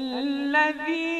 الذي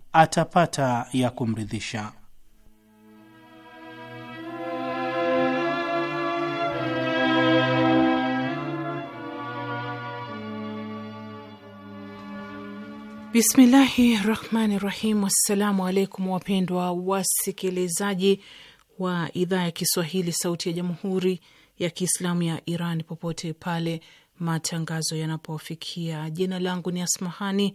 atapata ya kumridhisha. Bismillahi rahmani rahim. Assalamu alaikum wapendwa wasikilizaji wa idhaa ya Kiswahili sauti ya jamhuri ya Kiislamu ya Iran popote pale matangazo yanapofikia Jina langu ni Asmahani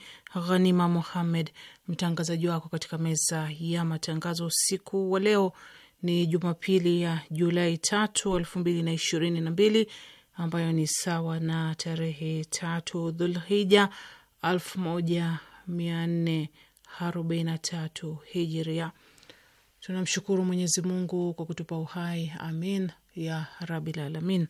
Ghanima Muhammed, mtangazaji wako katika meza ya matangazo. Usiku wa leo ni Jumapili ya Julai tatu elfu mbili na ishirini na mbili ambayo ni sawa na tarehe tatu Dhulhija alfu moja mia nne arobaini na tatu hijiria. Tunamshukuru Mwenyezi Mungu kwa kutupa uhai, amin ya rabil alamin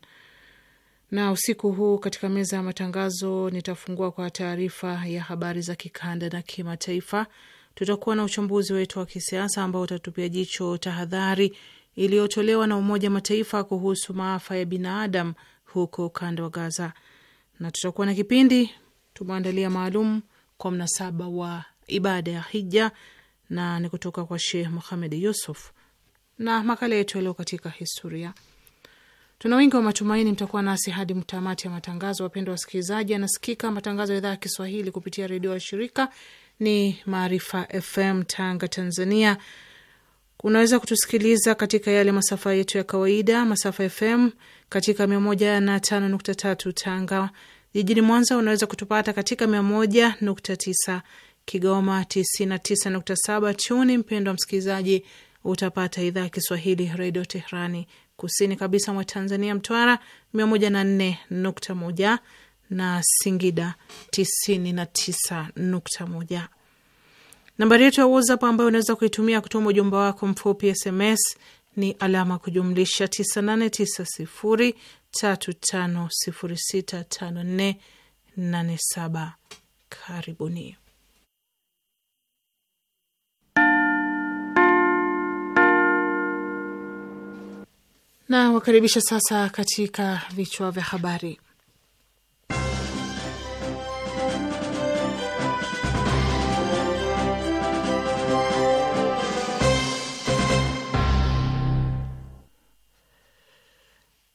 na usiku huu katika meza ya matangazo nitafungua kwa taarifa ya habari za kikanda na kimataifa. Tutakuwa na uchambuzi wetu wa kisiasa ambao utatupia jicho tahadhari iliyotolewa na Umoja Mataifa kuhusu maafa ya binadamu huko ukanda wa Gaza, na tutakuwa na kipindi tumeandalia maalum kwa mnasaba wa ibada ya hija na ni kutoka kwa Sheikh Muhamed Yusuf na makala yetu yaleo katika historia Tuna wingi wa matumaini mtakuwa nasi hadi mtamati ya matangazo. Wapendwa wasikilizaji, anasikika matangazo ya idhaa ya Kiswahili kupitia redio ya shirika ni Maarifa FM Tanga, Tanzania. Unaweza kutusikiliza katika yale masafa yetu ya kawaida, masafa FM katika mia moja na tano nukta tatu Tanga. Jijini Mwanza unaweza kutupata katika mia moja nukta tisa Kigoma, tisini na tisa nukta saba Chuni. Mpendwa msikilizaji, utapata idhaa ya Kiswahili redio Teherani kusini kabisa mwa Tanzania, Mtwara mia moja na nne nukta moja na Singida tisini na tisa nukta moja. Nambari yetu ya WhatsApp ambayo unaweza kuitumia kutuma ujumbe wako mfupi SMS ni alama kujumlisha 989035065487. Karibuni. na wakaribisha sasa katika vichwa vya habari.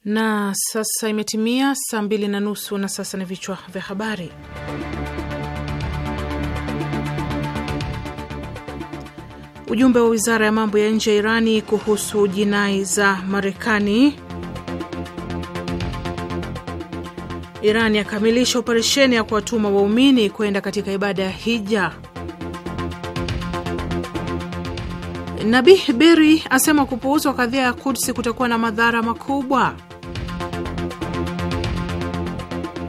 Na sasa imetimia saa mbili na nusu na sasa ni vichwa vya habari. Ujumbe wa wizara ya mambo ya nje ya Irani kuhusu jinai za Marekani. Irani yakamilisha operesheni ya kuwatuma waumini kwenda katika ibada ya hija. Nabih Berri asema kupuuzwa kadhia ya Kudsi kutakuwa na madhara makubwa.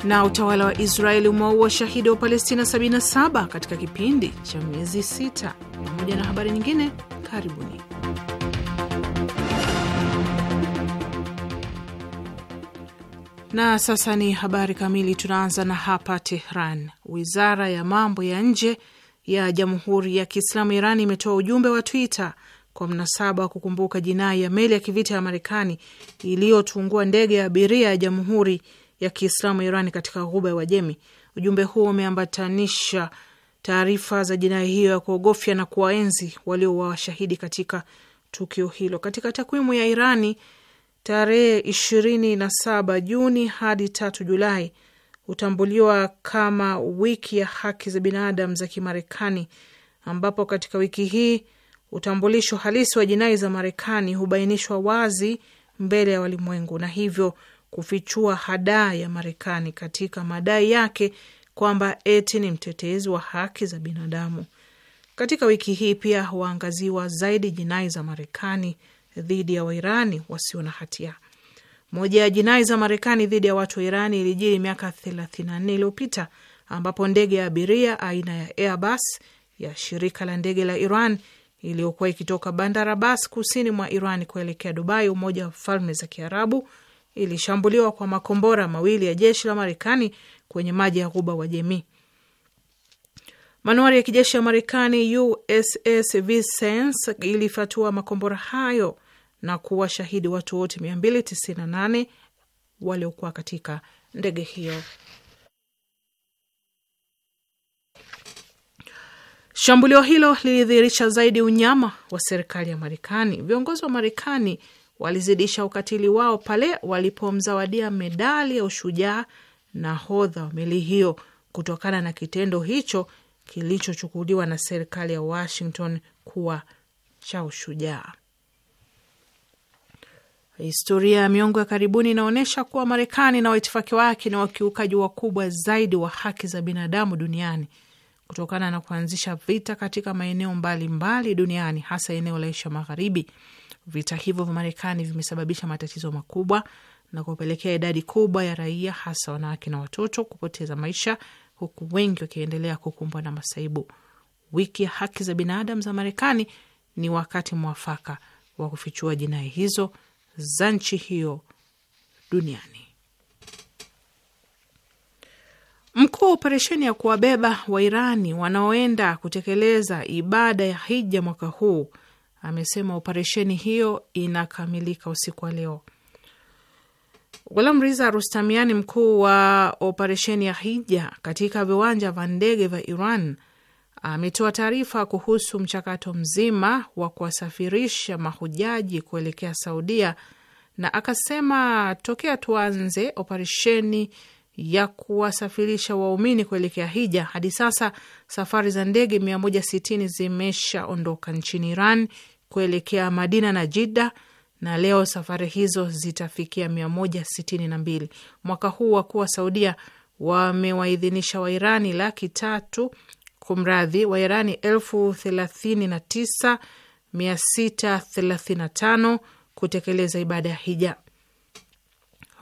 Na utawala wa Israeli umewaua shahidi wa Palestina 77 katika kipindi cha miezi sita pamoja na habari nyingine. Karibuni. Na sasa ni habari kamili. Tunaanza na hapa Tehran. Wizara ya mambo ya nje ya Jamhuri ya Kiislamu Iran imetoa ujumbe wa Twitter kwa mnasaba wa kukumbuka jinai ya meli ya kivita ya Marekani iliyotungua ndege ya abiria ya Jamhuri ya Kiislamu Iran katika Ghuba ya Uajemi. Ujumbe huo umeambatanisha taarifa za jinai hiyo ya kuogofya na kuwaenzi waliouawa washahidi katika tukio hilo. Katika takwimu ya Irani, tarehe ishirini na saba Juni hadi tatu Julai hutambuliwa kama wiki ya haki za binadamu za Kimarekani, ambapo katika wiki hii utambulisho halisi wa jinai za Marekani hubainishwa wazi mbele ya walimwengu na hivyo kufichua hadaa ya Marekani katika madai yake kwamba eti ni mtetezi wa haki za binadamu. Katika wiki hii pia huangaziwa zaidi jinai za Marekani dhidi ya Wairani wasio na hatia. Moja ya jinai za Marekani dhidi ya watu wa Irani ilijiri miaka 34 iliyopita ambapo ndege ya abiria aina ya Airbus ya shirika la ndege la Iran iliyokuwa ikitoka Bandar Abbas kusini mwa Iran kuelekea Dubai, Umoja wa Falme za Kiarabu, ilishambuliwa kwa makombora mawili ya jeshi la Marekani kwenye maji ya ghuba jemii Manuari ya kijeshi ya Marekani USS Vincennes ilifatua makombora hayo na kuwa shahidi watu wote 298 waliokuwa katika ndege hiyo. Shambulio hilo lilidhihirisha zaidi unyama wa serikali ya Marekani. Viongozi wa Marekani walizidisha ukatili wao pale walipomzawadia medali ya ushujaa nahodha wa meli hiyo kutokana na kitendo hicho kilichochukuliwa na serikali ya Washington kuwa cha ushujaa. Historia ya miongo ya karibuni inaonyesha kuwa Marekani na waitifaki wake ni wakiukaji wakubwa zaidi wa haki za binadamu duniani kutokana na kuanzisha vita katika maeneo mbalimbali duniani hasa eneo la Asia Magharibi Vita hivyo vya Marekani vimesababisha matatizo makubwa na kupelekea idadi kubwa ya raia, hasa wanawake na watoto, kupoteza maisha, huku wengi wakiendelea kukumbwa na masaibu. Wiki ya haki za binadamu za Marekani ni wakati mwafaka wa kufichua jinai hizo za nchi hiyo duniani. Mkuu wa operesheni ya kuwabeba Wairani wanaoenda kutekeleza ibada ya hija mwaka huu amesema operesheni hiyo inakamilika usiku wa leo. Ghulam Riza Rustamiani, mkuu wa operesheni ya Hija katika viwanja vya ndege vya Iran, ametoa taarifa kuhusu mchakato mzima wa kuwasafirisha mahujaji kuelekea Saudia, na akasema tokea tuanze operesheni ya kuwasafirisha waumini kuelekea hija. Hadi sasa safari za ndege 160 zimeshaondoka nchini Iran kuelekea Madina na Jidda, na leo safari hizo zitafikia 162. Mwaka huu wakuu wa Saudia wamewaidhinisha Wairani laki tatu kumradhi, Wairani elfu thelathini na tisa mia sita thelathini na tano kutekeleza ibada ya hija.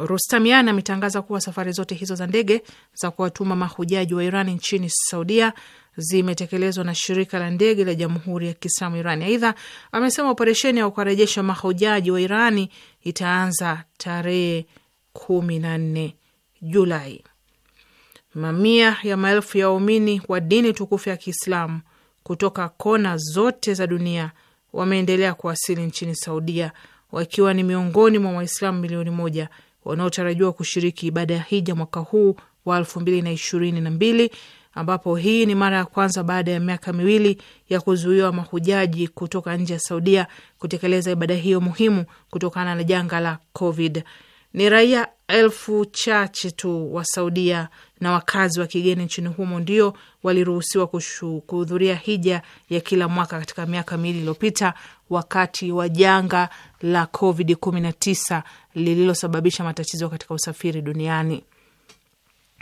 Rustamian ametangaza kuwa safari zote hizo za ndege za kuwatuma mahujaji wa Iran nchini Saudia zimetekelezwa na shirika la ndege la Jamhuri ya Kiislamu Irani. Aidha, amesema operesheni ya kuwarejesha mahujaji wa Irani itaanza tarehe kumi na nne Julai. Mamia ya maelfu ya waumini wa dini tukufu ya Kiislamu kutoka kona zote za dunia wameendelea kuwasili nchini Saudia wakiwa ni miongoni mwa Waislamu milioni moja wanaotarajiwa kushiriki ibada ya hija mwaka huu wa elfu mbili na ishirini na mbili ambapo hii ni mara ya kwanza baada ya miaka miwili ya kuzuiwa mahujaji kutoka nje ya Saudia kutekeleza ibada hiyo muhimu kutokana na janga la Covid. Ni raia elfu chache tu wa Saudia na wakazi wa kigeni nchini humo ndio waliruhusiwa kuhudhuria hija ya kila mwaka katika miaka miwili iliyopita, wakati wa janga la Covid 19 lililosababisha matatizo katika usafiri duniani.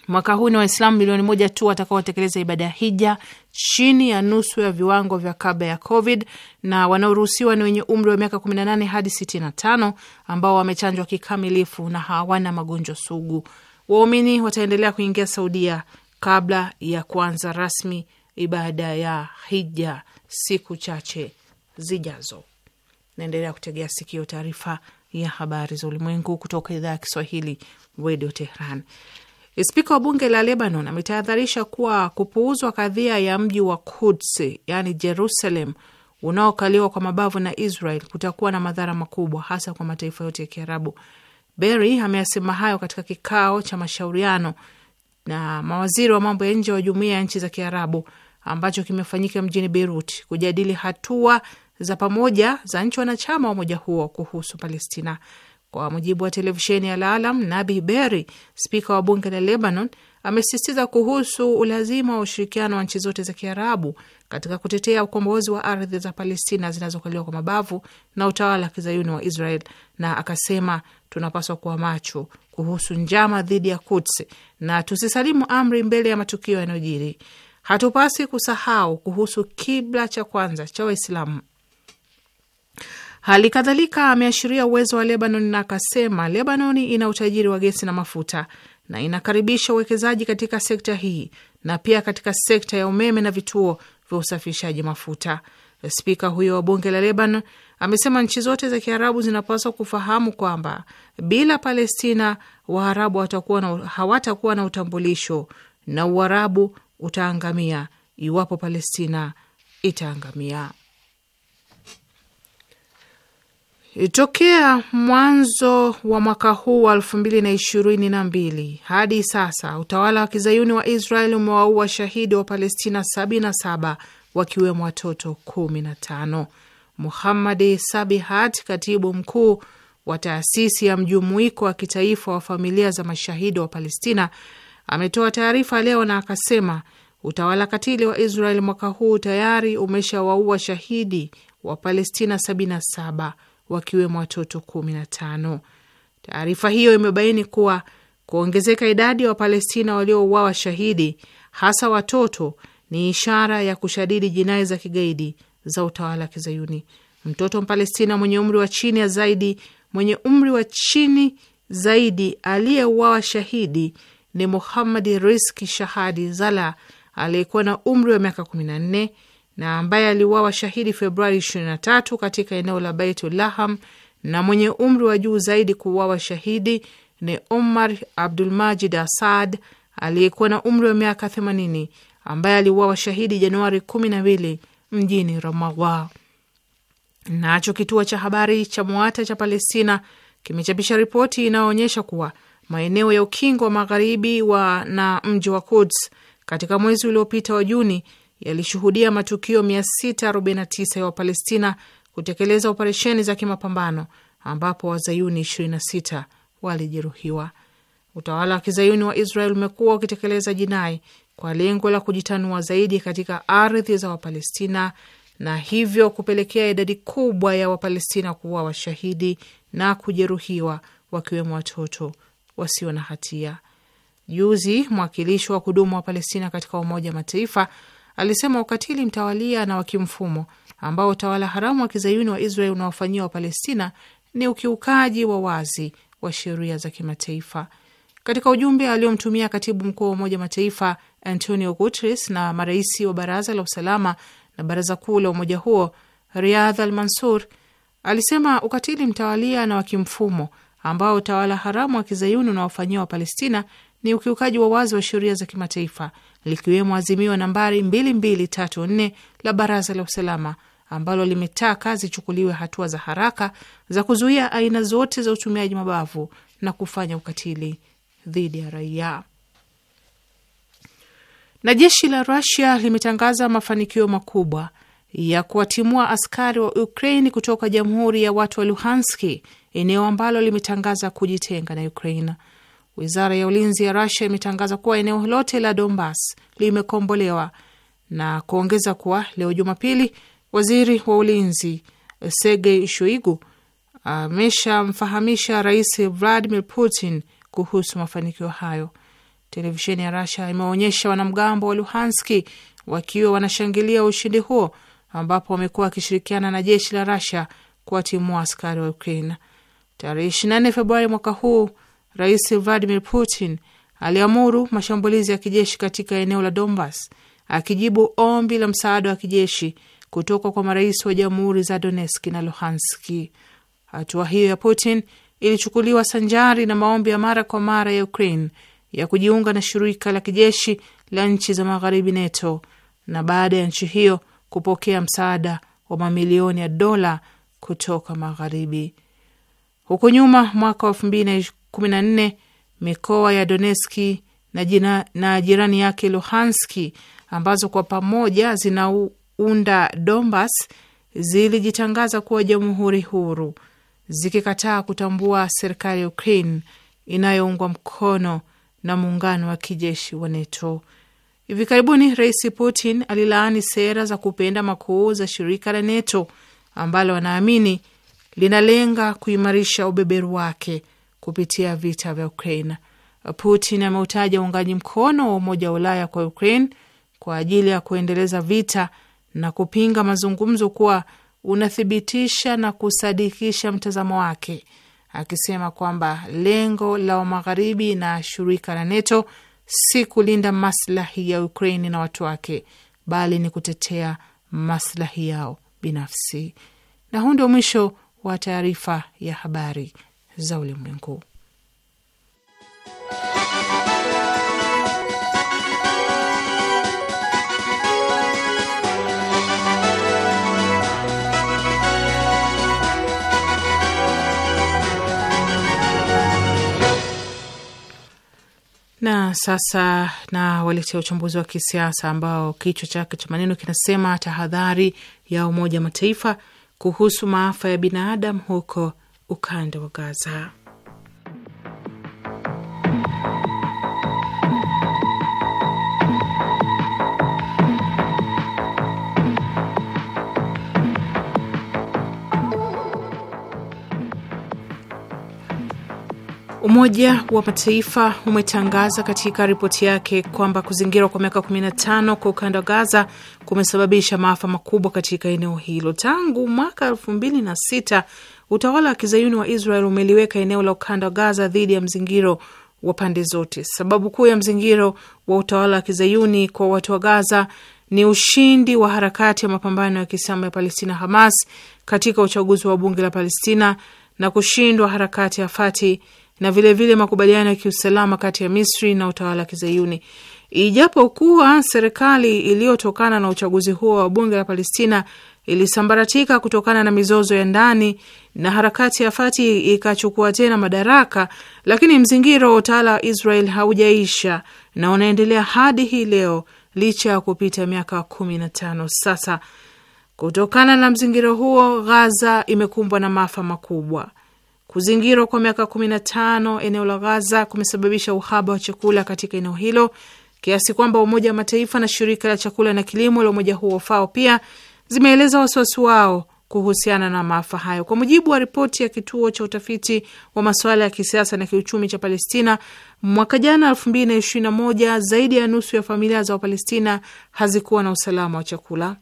Mwaka huu ni Waislamu milioni moja tu watakaotekeleza ibada ya hija, chini ya nusu ya viwango vya kabla ya Covid, na wanaoruhusiwa ni wenye umri wa miaka 18 hadi 65 ambao wamechanjwa kikamilifu na hawana magonjwa sugu. Waumini wataendelea kuingia Saudia kabla ya kuanza rasmi ibada ya hija siku chache zijazo. Naendelea kutegea sikio taarifa ya habari za ulimwengu kutoka idhaa ya Kiswahili, redio Tehran. Spika wa bunge la Lebanon ametahadharisha kuwa kupuuzwa kadhia ya mji wa Kuds yaani Jerusalem unaokaliwa kwa mabavu na Israel kutakuwa na madhara makubwa hasa kwa mataifa yote ya Kiarabu. Berry ameyasema hayo katika kikao cha mashauriano na mawaziri wa mambo ya nje wa jumuiya ya nchi za Kiarabu ambacho kimefanyika mjini Beirut kujadili hatua za pamoja za nchi wanachama wa umoja huo kuhusu Palestina. Kwa mujibu wa televisheni ya al Nabi beri spika wa bunge la Lebanon, amesisitiza kuhusu ulazima wa ushirikiano wa nchi zote za Kiarabu katika kutetea ukombozi wa ardhi za Palestina zinazokaliwa kwa mabavu na utawala wa kizayuni wa Israel, na akasema tunapaswa kuwa macho kuhusu njama dhidi ya Quds na tusisalimu amri mbele ya matukio yanayojiri. Hatupasi kusahau kuhusu kibla cha kwanza cha Waislamu. Hali kadhalika ameashiria uwezo wa Lebanon na akasema Lebanoni ina utajiri wa gesi na mafuta na inakaribisha uwekezaji katika sekta hii na pia katika sekta ya umeme na vituo vya usafirishaji mafuta. Spika huyo wa bunge la Lebanon amesema nchi zote za Kiarabu zinapaswa kufahamu kwamba bila Palestina Waarabu hawatakuwa na, hawatakuwa na utambulisho na Uarabu utaangamia iwapo Palestina itaangamia. Tokea mwanzo wa mwaka huu wa elfu mbili na ishirini na mbili hadi sasa utawala wa kizayuni wa Israel umewaua shahidi wa Palestina 77 wakiwemo watoto 15. Muhammadi Sabihat, katibu mkuu wa taasisi ya mjumuiko wa kitaifa wa familia za mashahidi wa Palestina, ametoa taarifa leo na akasema utawala katili wa Israel mwaka huu tayari umeshawaua shahidi wa Palestina 77 wakiwemo watoto kumi na tano. Taarifa hiyo imebaini kuwa kuongezeka idadi ya wa Wapalestina waliouawa shahidi, hasa watoto, ni ishara ya kushadidi jinai za kigaidi za utawala wa Kizayuni. Mtoto Mpalestina mwenye umri wa chini ya zaidi mwenye umri wa chini zaidi aliyeuawa shahidi ni muhammadi Riski Shahadi Zala aliyekuwa na umri wa miaka kumi na nne na ambaye aliuawa shahidi Februari 23 katika eneo la Baitul Laham, na mwenye umri wa juu zaidi kuuawa shahidi ni Omar Abdulmajid Asad aliyekuwa na umri wa miaka 80 ambaye aliuawa shahidi Januari 12 mjini Ramawa. Nacho kituo cha habari cha Mwata cha Palestina kimechapisha ripoti inayoonyesha kuwa maeneo ya ukingo wa magharibi wa na mji wa Kuds katika mwezi uliopita wa Juni yalishuhudia matukio 649 ya Wapalestina kutekeleza operesheni za kimapambano ambapo wazayuni 26 walijeruhiwa. Utawala wa kizayuni wa Israel umekuwa ukitekeleza jinai kwa lengo la kujitanua zaidi katika ardhi za Wapalestina na hivyo kupelekea idadi kubwa ya Wapalestina kuwa washahidi na kujeruhiwa, wakiwemo watoto wasio na hatia. Juzi mwakilishi wa kudumu wa Palestina katika Umoja wa Mataifa alisema ukatili mtawalia na wakimfumo ambao utawala haramu wa kizayuni wa Israel unaofanyia Wapalestina ni ukiukaji wa wazi wa sheria za kimataifa. Katika ujumbe aliomtumia katibu mkuu wa Umoja Mataifa Antonio Guterres na marais wa Baraza la Usalama na Baraza Kuu la umoja huo Riyadh Al Mansur alisema ukatili mtawalia na wakimfumo ambao utawala haramu wa kizayuni unaofanyia Wapalestina ni ukiukaji wa wazi wa sheria za kimataifa likiwemo azimio nambari 2234 la Baraza la Usalama ambalo limetaka zichukuliwe hatua za haraka za kuzuia aina zote za utumiaji mabavu na kufanya ukatili dhidi ya raia. Na jeshi la Rusia limetangaza mafanikio makubwa ya kuwatimua askari wa Ukraine kutoka Jamhuri ya Watu wa Luhanski, eneo ambalo limetangaza kujitenga na Ukraina. Wizara ya ulinzi ya Rusia imetangaza kuwa eneo lote la Donbas limekombolewa na kuongeza kuwa leo Jumapili, waziri wa ulinzi Sergei shuigu ameshamfahamisha rais Vladimir Putin kuhusu mafanikio hayo. Televisheni ya Rusia imeonyesha wanamgambo wa Luhanski wakiwa wanashangilia ushindi huo, ambapo wamekuwa wakishirikiana na jeshi la Rusia kuwatimua askari wa Ukraina. Tarehe 24 Februari mwaka huu Rais Vladimir Putin aliamuru mashambulizi ya kijeshi katika eneo la Donbas, akijibu ombi la msaada wa kijeshi kutoka kwa marais wa jamhuri za Donetsk na Luhanski. Hatua hiyo ya Putin ilichukuliwa sanjari na maombi ya mara kwa mara ya Ukraine ya kujiunga na shirika la kijeshi la nchi za magharibi NATO, na baada ya nchi hiyo kupokea msaada wa mamilioni ya dola kutoka magharibi. Huku nyuma, mwaka wa elfu mbili kumi nne mikoa ya Donetski na, jina, na jirani yake Luhanski ambazo kwa pamoja zinaunda Donbas zilijitangaza kuwa jamhuri huru zikikataa kutambua serikali ya Ukraine inayoungwa mkono na muungano wa kijeshi wa NATO. Hivi karibuni Rais Putin alilaani sera za kupenda makuu za shirika la NATO ambalo anaamini linalenga kuimarisha ubeberu wake kupitia vita vya Ukraine. Putin ameutaja uungaji mkono wa Umoja wa Ulaya kwa Ukraine kwa ajili ya kuendeleza vita na kupinga mazungumzo kuwa unathibitisha na kusadikisha mtazamo wake, akisema kwamba lengo la Magharibi na shirika la NATO si kulinda maslahi ya Ukraine na watu wake, bali ni kutetea maslahi yao binafsi. Na huu ndio mwisho wa taarifa ya habari za ulimwengu. Na sasa na waletea uchambuzi wa kisiasa ambao kichwa chake cha maneno kinasema tahadhari ya Umoja wa Mataifa kuhusu maafa ya binadamu huko ukanda wa Gaza. Umoja wa Mataifa umetangaza katika ripoti yake kwamba kuzingirwa kwa miaka 15 kwa ukanda wa Gaza kumesababisha maafa makubwa katika eneo hilo. Tangu mwaka 2006 Utawala wa kizayuni wa Israel umeliweka eneo la ukanda wa Gaza dhidi ya mzingiro wa pande zote. Sababu kuu ya mzingiro wa utawala wa kizayuni kwa watu wa Gaza ni ushindi wa harakati ya mapambano ya kiislamu ya Palestina, Hamas, katika uchaguzi wa bunge la Palestina na kushindwa harakati ya Fati na vilevile vile makubaliano ya kiusalama kati ya Misri na utawala wa kizayuni. Ijapokuwa serikali iliyotokana na uchaguzi huo wa bunge la Palestina ilisambaratika kutokana na mizozo ya ndani na harakati ya Fati ikachukua tena madaraka, lakini mzingiro wa utawala wa Israel haujaisha na unaendelea hadi hii leo licha ya kupita miaka kumi na tano sasa. Kutokana na mzingiro huo, Ghaza imekumbwa na maafa makubwa. Kuzingirwa kwa miaka kumi na tano eneo la Ghaza kumesababisha uhaba wa chakula katika eneo hilo kiasi kwamba Umoja wa Mataifa na Shirika la Chakula na Kilimo la umoja huo FAO pia zimeeleza wasiwasi wao kuhusiana na maafa hayo. Kwa mujibu wa ripoti ya kituo cha utafiti wa masuala ya kisiasa na kiuchumi cha Palestina, mwaka jana moja, zaidi ya nusu ya familia za Wapalestina hazikuwa na usalama wa chakula.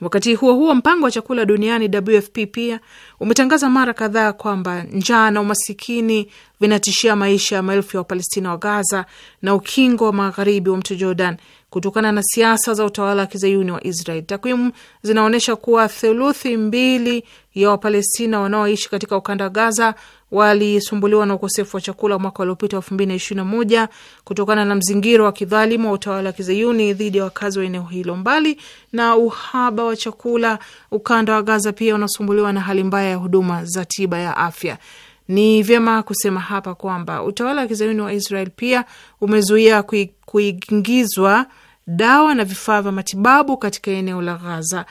Wakati huo huo, mpango wa chakula duniani WFP pia umetangaza mara kadhaa kwamba njaa na umasikini vinatishia maisha ya maelfu ya Wapalestina wa Gaza na ukingo wa magharibi wa mto Jordan kutokana na siasa za utawala wa kizayuni wa Israel. Takwimu zinaonyesha kuwa theluthi mbili ya Wapalestina wanaoishi katika ukanda wa Gaza walisumbuliwa na ukosefu wa chakula mwaka uliopita elfu mbili na ishirini na moja kutokana na mzingiro wa kidhalimu wa utawala wa kizayuni dhidi ya wakazi wa eneo hilo. Mbali na uhaba wa chakula, ukanda wa Gaza pia unasumbuliwa na hali mbaya ya huduma za tiba ya afya. Ni vyema kusema hapa kwamba utawala wa kizayuni wa Israel pia umezuia kuingizwa dawa na vifaa vya matibabu katika eneo la Gaza,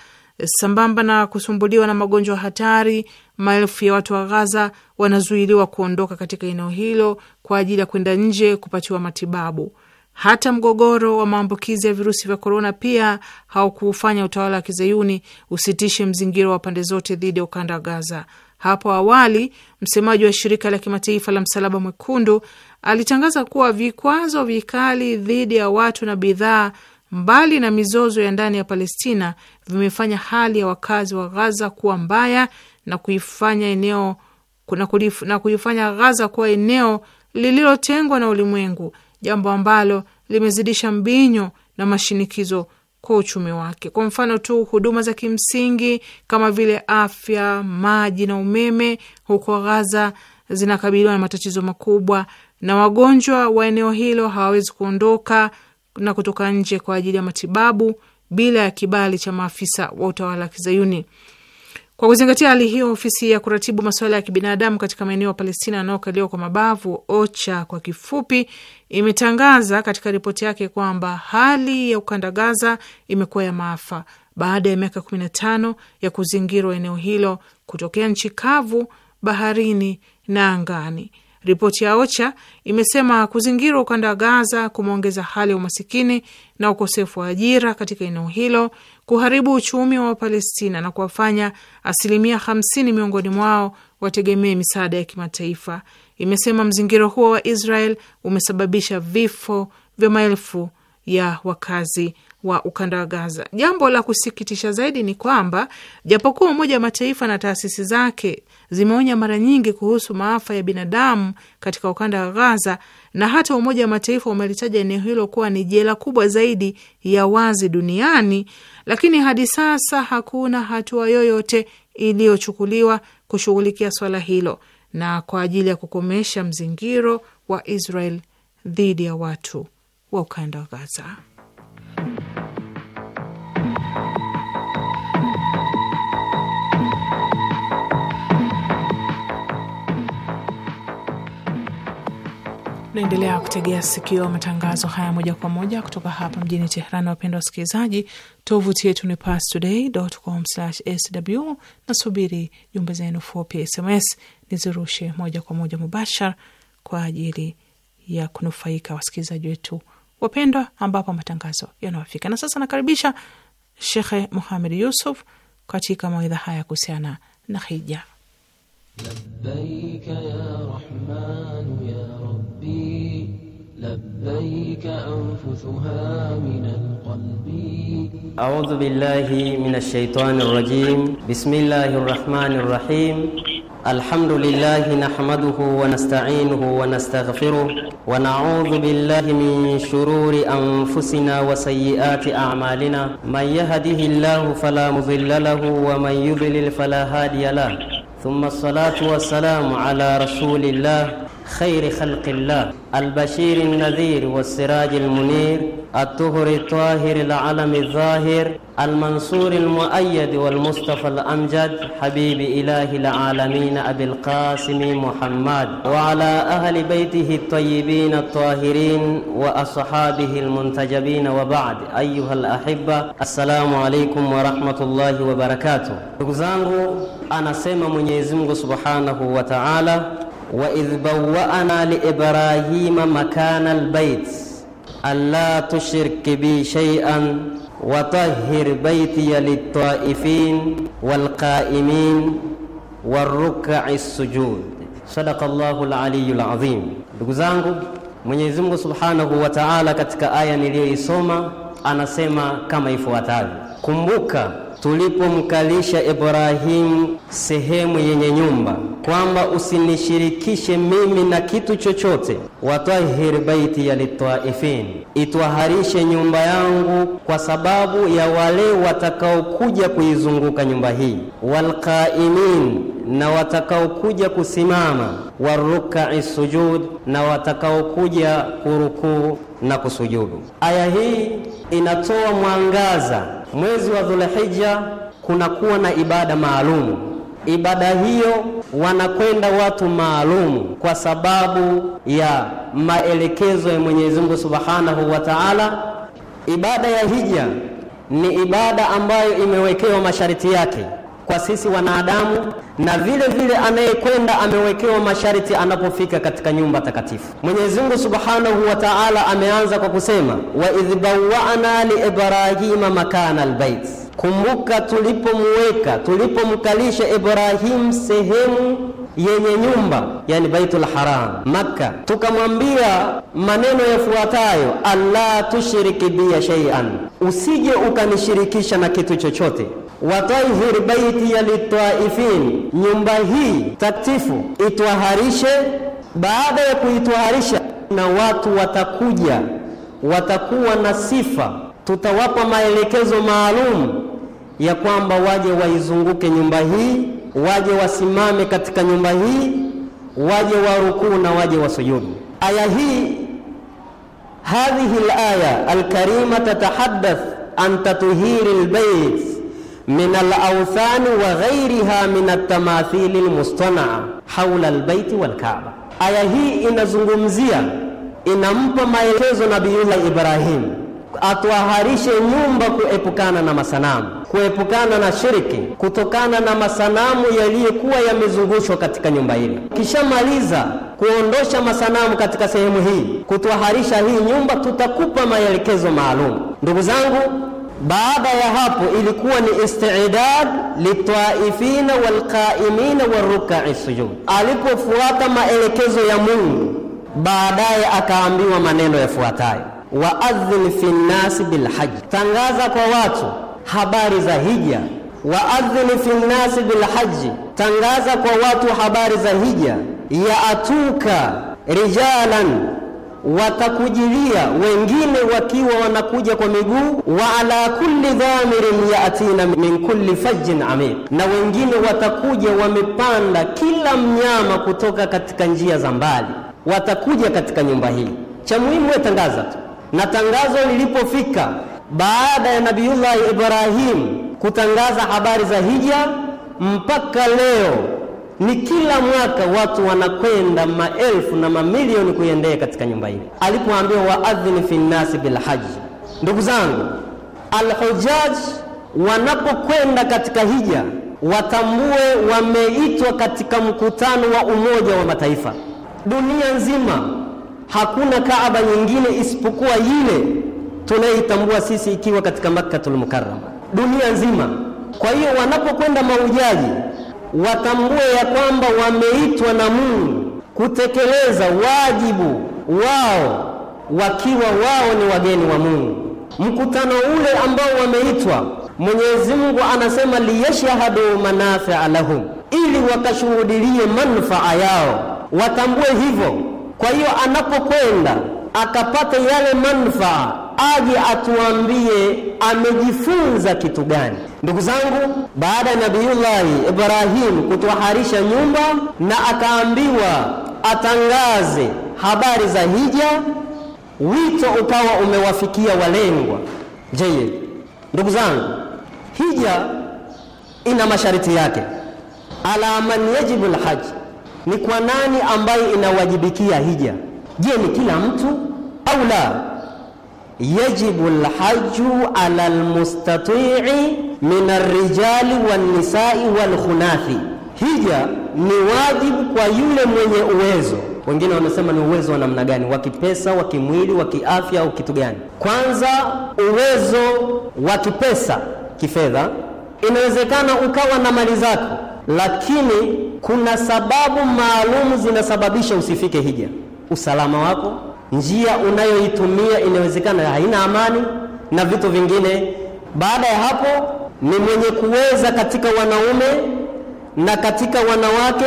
sambamba na kusumbuliwa na magonjwa hatari maelfu ya watu wa Ghaza wanazuiliwa kuondoka katika eneo hilo kwa ajili ya kwenda nje kupatiwa matibabu. Hata mgogoro wa maambukizi ya virusi vya korona pia haukuufanya utawala wa kizayuni usitishe mzingiro wa pande zote dhidi ya ukanda wa Gaza. Hapo awali, msemaji wa shirika la kimataifa la Msalaba Mwekundu alitangaza kuwa vikwazo vikali dhidi ya watu na bidhaa, mbali na mizozo ya ndani ya Palestina, vimefanya hali ya wakazi wa Gaza kuwa mbaya na kuifanya eneo na, kulif, na kuifanya Ghaza kuwa eneo lililotengwa na ulimwengu, jambo ambalo limezidisha mbinyo na mashinikizo kwa uchumi wake. Kwa mfano tu, huduma za kimsingi kama vile afya, maji na umeme huko Ghaza zinakabiliwa na matatizo makubwa, na wagonjwa wa eneo hilo hawawezi kuondoka na kutoka nje kwa ajili ya matibabu bila ya kibali cha maafisa wa utawala wa Kizayuni. Kwa kuzingatia hali hiyo, ofisi ya kuratibu masuala ya kibinadamu katika maeneo ya Palestina yanayokaliwa kwa mabavu, OCHA kwa kifupi, imetangaza katika ripoti yake kwamba hali ya ukanda Gaza imekuwa ya maafa baada ya miaka 15 ya kuzingirwa eneo hilo kutokea nchi kavu, baharini na angani. Ripoti ya OCHA imesema kuzingirwa ukanda wa Gaza kumeongeza hali ya umasikini na ukosefu wa ajira katika eneo hilo kuharibu uchumi wa Wapalestina na kuwafanya asilimia hamsini miongoni mwao wategemee misaada ya kimataifa. Imesema mzingiro huo wa Israel umesababisha vifo vya maelfu ya wakazi wa ukanda wa Gaza. Jambo la kusikitisha zaidi ni kwamba japokuwa Umoja wa Mataifa na taasisi zake zimeonya mara nyingi kuhusu maafa ya binadamu katika ukanda wa Gaza, na hata Umoja wa Mataifa umelitaja eneo hilo kuwa ni jela kubwa zaidi ya wazi duniani, lakini hadi sasa hakuna hatua yoyote iliyochukuliwa kushughulikia swala hilo na kwa ajili ya kukomesha mzingiro wa Israel dhidi ya watu wa ukanda wa Gaza. Naendelea kutegea sikio matangazo haya moja kwa moja kutoka hapa mjini Teheran. Wapendwa wasikilizaji, tovuti yetu ni pastoday.com/sw. Nasubiri jumbe zenu fupi SMS nizirushe moja kwa moja mubashar kwa ajili ya kunufaika wasikilizaji wetu wapendwa, ambapo matangazo yanawafika. Na sasa nakaribisha Shekhe Muhamed Yusuf katika mawaidha haya kuhusiana na hija. Labbaik ya Rahman لبيك أنفثها من القلب أعوذ بالله من الشيطان الرجيم بسم الله الرحمن الرحيم الحمد لله نحمده ونستعينه ونستغفره ونعوذ بالله من شرور أنفسنا وسيئات أعمالنا من يهده الله فلا مضل له ومن يضلل فلا هادي له ثم الصلاة والسلام على رسول الله خير خلق الله البشير النذير والسراج المنير الطهر الطاهر العلم الظاهر المنصور المؤيد والمصطفى الأمجد حبيب إله العالمين أبي القاسم محمد وعلى أهل بيته الطيبين الطاهرين وأصحابه المنتجبين وبعد أيها الأحبة السلام عليكم ورحمة الله وبركاته أنا سيما anasema سبحانه وتعالى وإذ بوأنا لإبراهيم مكان البيت ألا تشرك بي شيئا وطهر بيتي للطائفين والقائمين والركع السجود صدق الله العلي العظيم دكزانgu Mwenyezi Mungu Subhanahu wa Ta'ala katika aya niliyoisoma anasema kama ifuatavyo kumbuka tulipomkalisha Ibrahimu sehemu yenye nyumba, kwamba usinishirikishe mimi na kitu chochote. watahir baiti ya litaifin, itwaharishe nyumba yangu kwa sababu ya wale watakaokuja kuizunguka nyumba hii. walqaimin na watakaokuja kusimama, warukai sujud, na watakaokuja kurukuu na kusujudu. Aya hii inatoa mwangaza mwezi wa Dhulhijja kunakuwa na ibada maalumu. Ibada hiyo wanakwenda watu maalumu kwa sababu ya maelekezo ya Mwenyezi Mungu Subhanahu wa Ta'ala. Ibada ya hija ni ibada ambayo imewekewa masharti yake kwa sisi wanadamu, na vile vile anayekwenda amewekewa masharti anapofika katika nyumba takatifu. Mwenyezi Mungu Subhanahu wa Ta'ala ameanza kwa kusema wa idh bawwa'na li Ibrahima makana albayt, kumbuka tulipomweka tulipomkalisha Ibrahim sehemu yenye nyumba yani Baitul Haram Makka, tukamwambia maneno yafuatayo: alla tushriki biya shay'an, usije ukanishirikisha na kitu chochote watahir ya litaifin, nyumba hii takatifu itwaharishe. Baada ya kuitwaharisha, na watu watakuja, watakuwa na sifa, tutawapa maelekezo maalum ya kwamba waje waizunguke nyumba hii, waje wasimame katika nyumba hii, waje warukuu na waje wasujudu. Aya hii hadhihi alaya alkarima tatahaddath an tathhiri bayt min alauthani wa ghairiha min altamathili lmustanaa haula albaiti walkaaba. Aya hii inazungumzia, inampa maelekezo Nabiullah Ibrahim atwaharishe nyumba kuepukana na masanamu, kuepukana na shiriki, kutokana na masanamu yaliyokuwa yamezungushwa katika nyumba ile. Kishamaliza kuondosha masanamu katika sehemu hii, kutwaharisha hii nyumba, tutakupa maelekezo maalum, ndugu zangu. Baada ya hapo ilikuwa ni istidad litaifina walqaimina warukai sujud. Alipofuata maelekezo ya Mungu, baadaye akaambiwa maneno yafuatayo: waadhin fi nnasi bilhaji, tangaza kwa watu habari za hija. Waadhin fi nnasi bilhaji, tangaza kwa watu habari za hija. Yaatuka rijalan watakujilia wengine wakiwa wanakuja kwa miguu. wa ala kulli dhamirin yatina min kulli fajjin amik, na wengine watakuja wamepanda kila mnyama kutoka katika njia za mbali, watakuja katika nyumba hii. Cha muhimu we tangaza tu, na tangazo lilipofika baada ya Nabiyullahi Ibrahim kutangaza habari za hija mpaka leo ni kila mwaka watu wanakwenda maelfu na mamilioni kuiendea katika nyumba ile, alipoambiwa waadhini fi nnasi bilhaji. Ndugu zangu, alhujaj wanapokwenda katika hija watambue wameitwa katika mkutano wa Umoja wa Mataifa. Dunia nzima hakuna Kaaba nyingine isipokuwa ile tunayoitambua sisi ikiwa katika Makkatul Mukarrama, dunia nzima. Kwa hiyo wanapokwenda maujaji watambue ya kwamba wameitwa na Mungu kutekeleza wajibu wao wakiwa wao ni wageni wa Mungu. Mkutano ule ambao wameitwa, Mwenyezi Mungu anasema liyashhadu manafia lahum, ili wakashuhudilie manufaa yao, watambue hivyo. Kwa hiyo anapokwenda akapata yale manufaa aje atuambie amejifunza kitu gani. Ndugu zangu, baada ya Nabiyullahi Ibrahim kutuharisha nyumba na akaambiwa atangaze habari za hija, wito ukawa umewafikia walengwa. Je, ndugu zangu, hija ina masharti yake. ala man yajibu lhaj, ni kwa nani ambayo inawajibikia hija? Je, ni kila mtu au la? yajibu lhaju ala lmustatii min arrijali walnisai walkhunathi, hija ni wajibu kwa yule mwenye uwezo. Wengine wanasema ni uwezo wa namna gani? Wa kipesa, wa kimwili, wa kiafya au kitu gani? Kwanza, uwezo wa kipesa, kifedha. Inawezekana ukawa na mali zako, lakini kuna sababu maalum zinasababisha usifike hija: usalama wako njia unayoitumia inawezekana haina amani na vitu vingine. Baada ya hapo, ni mwenye kuweza katika wanaume na katika wanawake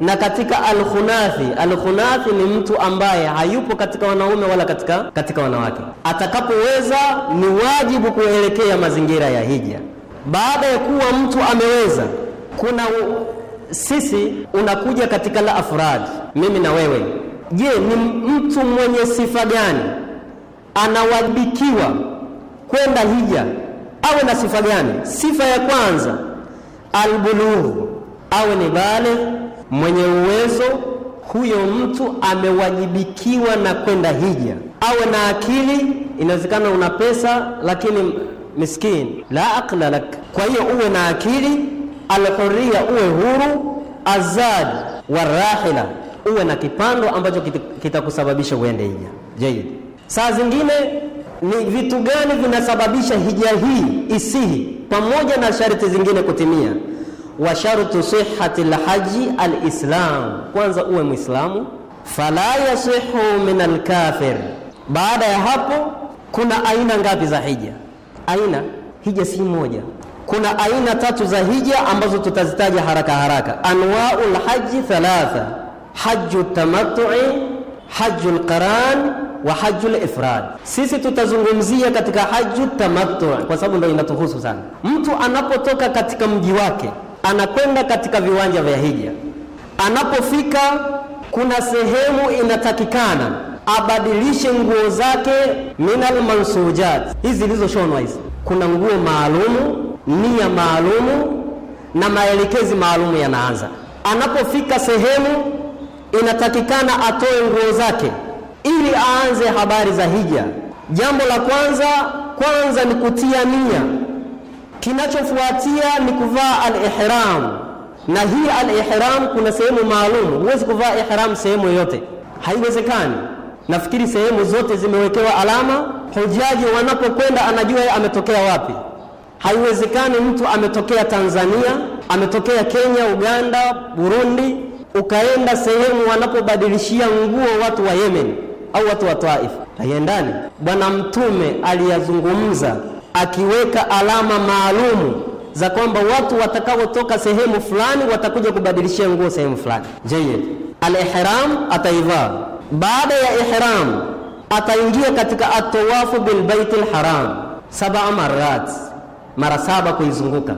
na katika alkhunathi. Alkhunathi ni mtu ambaye hayupo katika wanaume wala katika, katika wanawake. Atakapoweza ni wajibu kuelekea mazingira ya hija. Baada ya kuwa mtu ameweza, kuna sisi unakuja katika la afradi, mimi na wewe je ni mtu mwenye sifa gani anawajibikiwa kwenda hija awe na sifa gani sifa ya kwanza albulughu awe ni bale mwenye uwezo huyo mtu amewajibikiwa na kwenda hija awe na akili inawezekana una pesa lakini miskin la aqla lak kwa hiyo uwe na akili alhuria uwe huru azad warahila uwe na kipando ambacho kitakusababisha kita uende hija jaid. Saa zingine ni vitu gani vinasababisha hija hii isihi pamoja na sharti zingine kutimia? wa shartu sihhati lhaji alislam, kwanza uwe Mwislamu. Fala yasihu min alkafir. Baada ya hapo, kuna aina ngapi za hija? Aina hija si moja, kuna aina tatu za hija ambazo tutazitaja haraka haraka. Anwaul haji thalatha haju tamattu'i haju lqaran wa haju alifrad Sisi tutazungumzia katika haju tamatui kwa sababu ndio inatuhusu sana. Mtu anapotoka katika mji wake anakwenda katika viwanja vya hija, anapofika kuna sehemu inatakikana abadilishe nguo zake minal mansujat, hizi zilizoshonwa hizi. Kuna nguo maalumu, nia maalumu na maelekezi maalumu yanaanza anapofika sehemu inatakikana atoe nguo zake ili aanze habari za hija. Jambo la kwanza kwanza ni kutia nia, kinachofuatia ni kuvaa al-ihram, na hii al-ihram kuna sehemu maalum. Huwezi kuvaa ihram sehemu yoyote, haiwezekani. Nafikiri sehemu zote zimewekewa alama, hujaji wanapokwenda anajua ametokea wapi. Haiwezekani mtu ametokea Tanzania, ametokea Kenya, Uganda, Burundi ukaenda sehemu wanapobadilishia nguo watu wa Yemen au watu wa Taif, tayendani. Bwana Mtume aliyazungumza akiweka alama maalumu za kwamba watu watakaotoka sehemu fulani watakuja kubadilishia nguo sehemu fulani. Jayyid, al-ihram ataivaa baada ya ihram ataingia katika atawafu bil baitil haram saba marat, mara saba kuizunguka,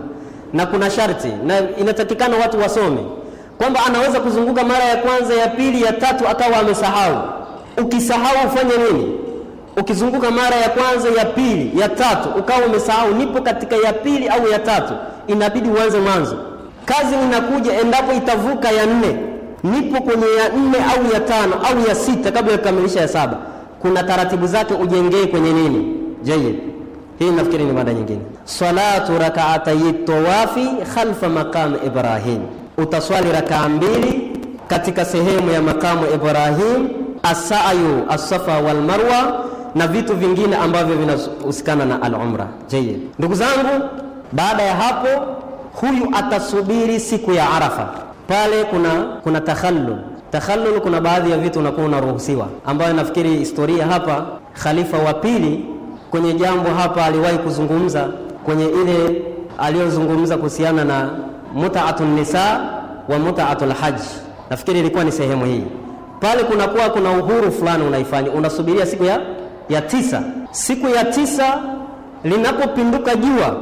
na kuna sharti na inatakikana watu wasome kwamba anaweza kuzunguka mara ya kwanza, ya pili, ya tatu akawa amesahau. Ukisahau ufanye nini? Ukizunguka mara ya kwanza, ya pili, ya tatu ukawa umesahau, nipo katika ya pili au ya tatu, inabidi uanze mwanzo. Kazi inakuja endapo itavuka ya nne, nipo kwenye ya nne au ya tano au ya sita, kabla ya kukamilisha ya saba, kuna taratibu zake ujengee kwenye nini. Jayyid, hii nafikiri ni mada nyingine. Salatu rakaatayi tawafi khalfa maqam Ibrahim utaswali rakaa mbili katika sehemu ya makamu Ibrahim, asayu asafa wal marwa na vitu vingine ambavyo vinahusikana na al-umra. Jeye, ndugu zangu, baada ya hapo huyu atasubiri siku ya Arafa. Pale kuna kuna takhallul takhallul, kuna baadhi ya vitu unakuwa unaruhusiwa, ambayo nafikiri historia hapa, khalifa wa pili kwenye jambo hapa aliwahi kuzungumza kwenye ile aliyozungumza kuhusiana na mut'atun nisa wa mut'atul hajj. Nafikiri ilikuwa ni sehemu hii pale, kunakuwa kuna uhuru fulani unaifanya, unasubiria siku ya, ya tisa. Siku ya tisa linapopinduka jua,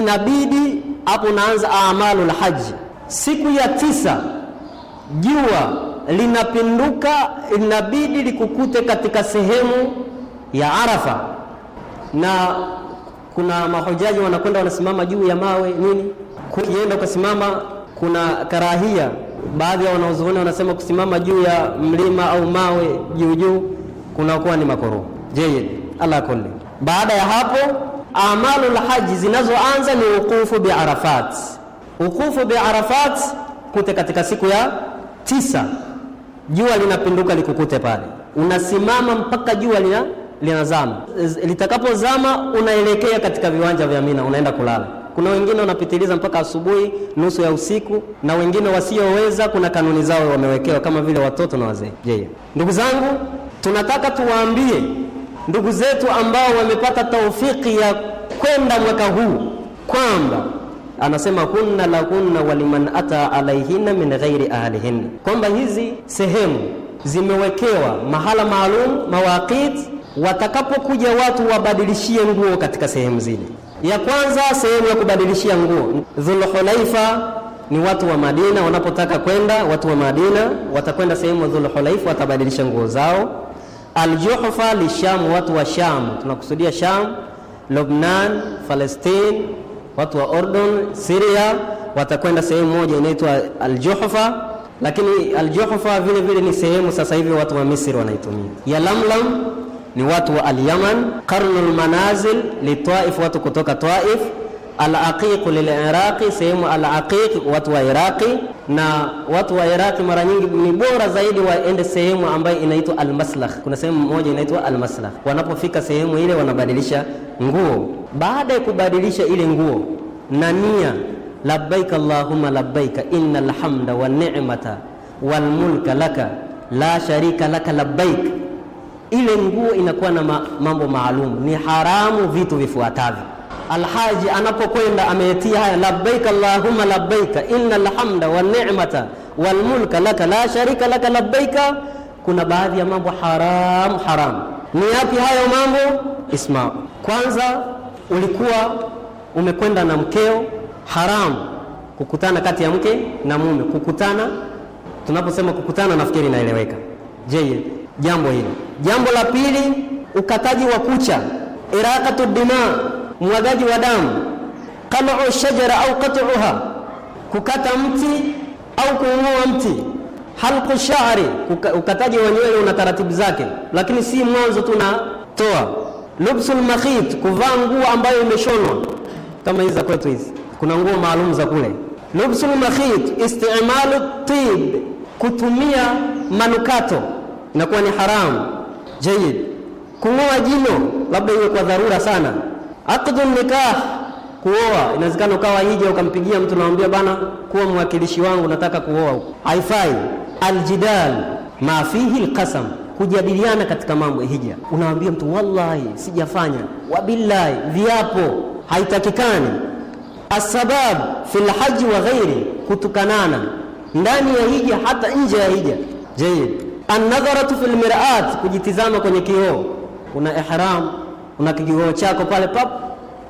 inabidi hapo unaanza amalul haji. Siku ya tisa jua linapinduka, inabidi likukute katika sehemu ya Arafa, na kuna mahujaji wanakwenda wanasimama juu ya mawe nini yenda ukasimama, kuna karahia. Baadhi ya wanazuoni wanasema kusimama juu ya mlima au mawe juu juu kunakuwa ni makruh. Jayyid, ala kulli. Baada ya hapo, amalu lhaji zinazoanza ni wukufu bi Arafat. Wukufu bi Arafat kute katika siku ya tisa, jua linapinduka likukute pale, unasimama mpaka jua lina linazama, litakapozama unaelekea katika viwanja vya Mina, unaenda kulala. Kuna wengine wanapitiliza mpaka asubuhi, nusu ya usiku, na wengine wasioweza, kuna kanuni zao wamewekewa, kama vile watoto na wazee. Yeye, ndugu zangu, tunataka tuwaambie ndugu zetu ambao wamepata taufiki ya kwenda mwaka huu kwamba anasema hunna lahunna waliman ata alaihinna min ghairi ahlihinna, kwamba hizi sehemu zimewekewa mahala maalum mawaqit, watakapokuja watu wabadilishie nguo katika sehemu zile. Ya kwanza sehemu ya kubadilishia nguo. Dhulhulaifa ni watu wa Madina, wanapotaka kwenda watu wa Madina watakwenda sehemu ya Dhulhulaifa, watabadilisha nguo zao. Aljuhfa Sham, watu wa Sham, tunakusudia Sham, Lubnan, Palestine, watu wa Ordon, Syria watakwenda sehemu moja inaitwa Aljuhfa. Lakini Aljuhfa vile vile ni sehemu sasa hivi watu wa Misri wanaitumia. Ya Lamlam ni watu wa Al-Yaman, Qarnul Manazil li Taif, watu kutoka Taif, Al-Aqiq lil Iraqi, sehemu Al-Aqiq watu wa Iraqi. Na watu wa Iraqi mara nyingi ni bora zaidi waende sehemu ambayo inaitwa al maslah Kuna sehemu moja inaitwa al maslah wanapofika sehemu ile wanabadilisha nguo. Baada ya kubadilisha ile nguo na nia labbaik allahumma labbaik innal hamda wan ni'mata wal mulka laka la sharika laka labbaik ile nguo inakuwa na ma, mambo maalum. Ni haramu vitu vifuatavyo. Alhaji anapokwenda ametia haya labbaik allahumma labbaika innal hamda wan ni'mata wal mulka laka la sharika laka labbaik, kuna baadhi ya mambo haram haram. Ni yapi hayo mambo? Isma, kwanza ulikuwa umekwenda na mkeo, haramu kukutana kati ya mke na mume. Kukutana, tunaposema kukutana, nafikiri inaeleweka. Je, jambo hili. Jambo la pili, ukataji wa kucha, iraqatu dima, mwagaji wa damu, qal'u shajara au qat'uha, kukata mti au kuung'oa mti, halqu sha'ri, ukataji wa nywele una taratibu zake, lakini si mwanzo tunatoa. Lubsul makhit, kuvaa nguo ambayo imeshonwa kama hizi za kwetu hizi, kuna nguo maalum za kule. Lubsul makhit, istimalu tib, kutumia manukato inakuwa ni haramu. Jayid, kung'oa jino labda iwe kwa dharura sana. Aqdun nikah, kuoa, inawezekana ukawa hija ukampigia mtu namwambia, bana, kuwa mwakilishi wangu, nataka kuoa huko, haifai. Aljidal ma fihi alqasam, kujadiliana katika mambo ya hija, unamwambia mtu wallahi sijafanya, wabillahi, viapo haitakikani. Asbab fi haji wa ghairi, kutukanana ndani ya hija hata nje ya hija. Jayid. An-nadharatu fil mir'at, kujitizama kwenye kioo. Una ihram, una kioo chako pale pap,